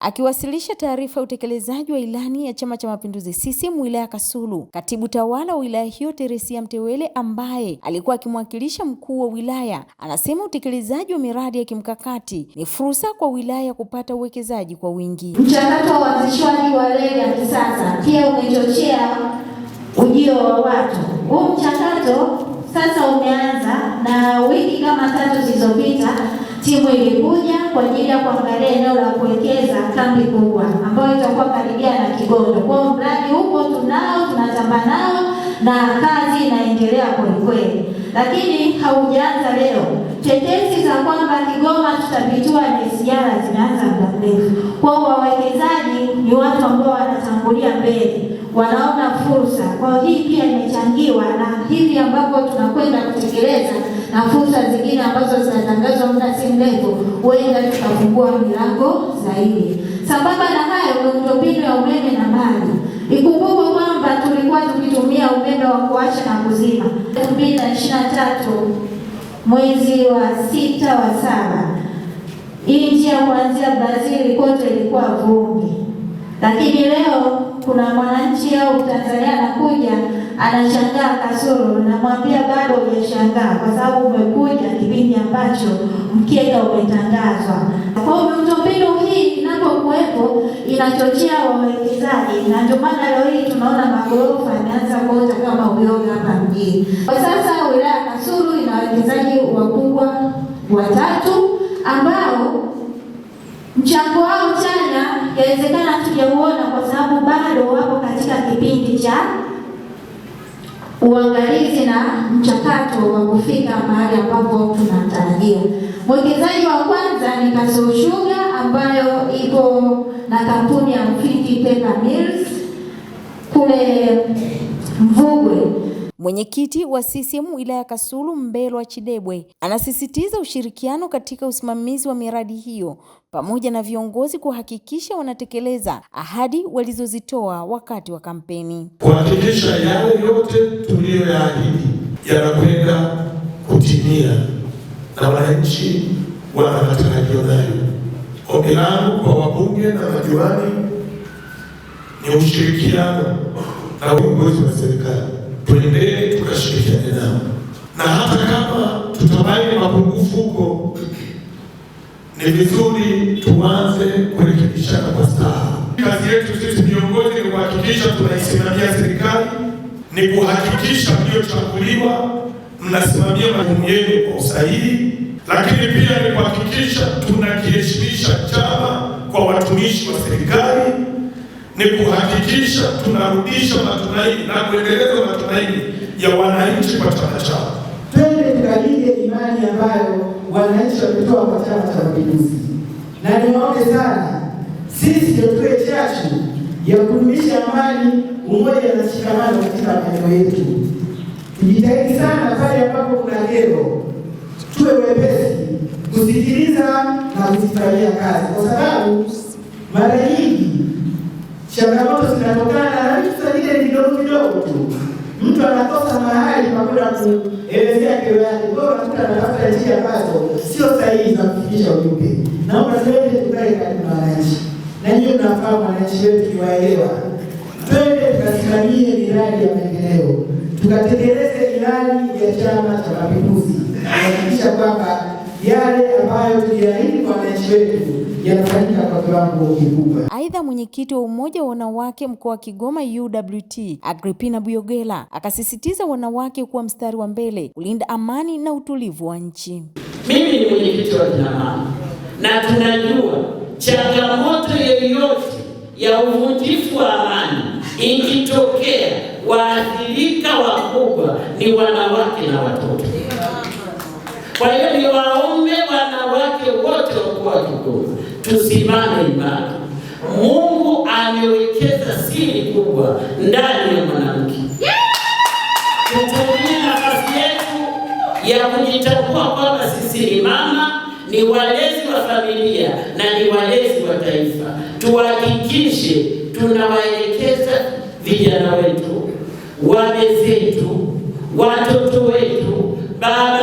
Akiwasilisha taarifa ya utekelezaji wa ilani ya Chama cha Mapinduzi CCM wilaya Kasulu, katibu tawala wa wilaya hiyo Teresia Mtewele, ambaye alikuwa akimwakilisha mkuu wa wilaya, anasema utekelezaji wa miradi ya kimkakati ni fursa kwa wilaya kupata uwekezaji kwa wingi. Mchakato wa uanzishwaji wa reli ya kisasa pia umechochea ujio wa watu. Huu mchakato sasa umeanza, na wiki kama tatu zilizopita timu ilikuja kwa ajili ya kuangalia eneo la kuwekeza kambi kubwa ambayo itakuwa karibia na Kigondo. Kwa hiyo mradi huko tunao, tunatamba nao na kazi inaendelea kwelikweli, lakini haujaanza leo. Tetesi za kwamba Kigoma tutapitua ni siara zinaanza muda mrefu. Kwa hiyo wawekezaji ni watu ambao wanatangulia mbele wanaona fursa. Kwa hiyo hii pia imechangiwa na hivi ambapo tunakwenda kutekeleza na fursa zingine ambazo zinatangazwa kufungua milango zaidi. Sambamba na hayo, miundombinu ya umeme na maji. Ikumbukwe kwamba tulikuwa tukitumia umeme wa kuacha na kuzima. tatu mwezi wa sita wa saba, hii njia kuanzia Brazil kote ilikuwa vumbi, lakini leo kuna mwananchi au Tanzania anakuja anashangaa kasoro, namwambia bado hujashangaa kwa sababu umekuja kipindi ambacho mkeka umetangazwa. Kwa hiyo miundombinu hii inapokuwepo inachochea wawekezaji, na ndio maana leo hii tunaona magorofa yameanza kuota kama uyoga hapa mjini. Kwa sasa wilaya ya Kasulu ina wawekezaji wakubwa watatu ambao mchango wao chanya yawezekana hatujauona kwa sababu bado wapo katika kipindi cha uangalizi na mchakato wa kufika mahali ambapo tunatarajia. Mwekezaji wa kwanza ni Kasulu Sugar ambayo ipo na kampuni ya Mufindi Paper Mills kule Mvugwe Mwenyekiti wa CCM wilaya Kasulu Mbelwa Chidebwe anasisitiza ushirikiano katika usimamizi wa miradi hiyo pamoja na viongozi kuhakikisha wanatekeleza ahadi walizozitoa wakati wa kampeni, kuhakikisha yale yote tuliyoyaahidi yanakwenda kutimia na wananchi wana matarajio nayo. Ombi langu kwa wabunge na madiwani ni ushirikiano na uongozi wa serikali tuendelee tukashirikiane nao, na hata kama tutabaini mapungufu huko, ni vizuri tuanze kurekebishana kwa staha. Kazi yetu sisi viongozi ni kuhakikisha tunaisimamia serikali, ni kuhakikisha mliochaguliwa mnasimamia majukumu yenu kwa usahihi, lakini pia ni kuhakikisha tunakiheshimisha chama kwa watumishi wa serikali ni kuhakikisha tunarudisha matumaini na kuendeleza matumaini ya wananchi kwa chama chao. Twende tukalinde imani ambayo wananchi wametoa kwa Chama cha Mapinduzi, na niwaombe sana, sisi ndio tuwe chachu ya kudumisha amani, umoja na shikamano katika maeneo yetu. Tujitahidi sana pale ambapo kuna kero, tuwe wepesi kusikiliza na kuzifanyia kazi, kwa sababu mara nyingi Changamoto zinatokana na vitu zingine vidogo vidogo tu. Mtu anakosa mahali pa kwenda kuelezea kero yake, bora mtu anatafuta njia ambazo sio sahihi za kufikisha ujumbe. Naomba tuende tukae karibu na wananchi, na hiyo tunafahamu wananchi wetu kiwaelewa. Twende tukasimamie miradi ya maendeleo, tukatekeleze ilani ya Chama cha Mapinduzi kuhakikisha kwamba yale ambayo tuliahidi kwa wananchi wetu yanafanyika kwa kiwango kikubwa. Aidha, mwenyekiti wa umoja wa wanawake mkoa wa Kigoma UWT Agripina Buyogela akasisitiza wanawake kuwa mstari wa mbele kulinda amani na utulivu wa nchi. Mimi ni mwenyekiti wa kinamama na tunajua changamoto yoyote ya uvunjifu wa amani ikitokea, waathirika wakubwa ni wanawake na watoto. Kwa hiyo waume wanawake wote wa mkoa wa Kigoma tusimame imara. Mungu amewekeza siri kubwa ndani ya mwanamke. Tutumie nafasi yetu ya kujitambua kwamba sisi ni mama, ni walezi wa familia na ni walezi wa taifa. Tuhakikishe tunawaelekeza vijana wetu, wame zetu, watoto wetu, baba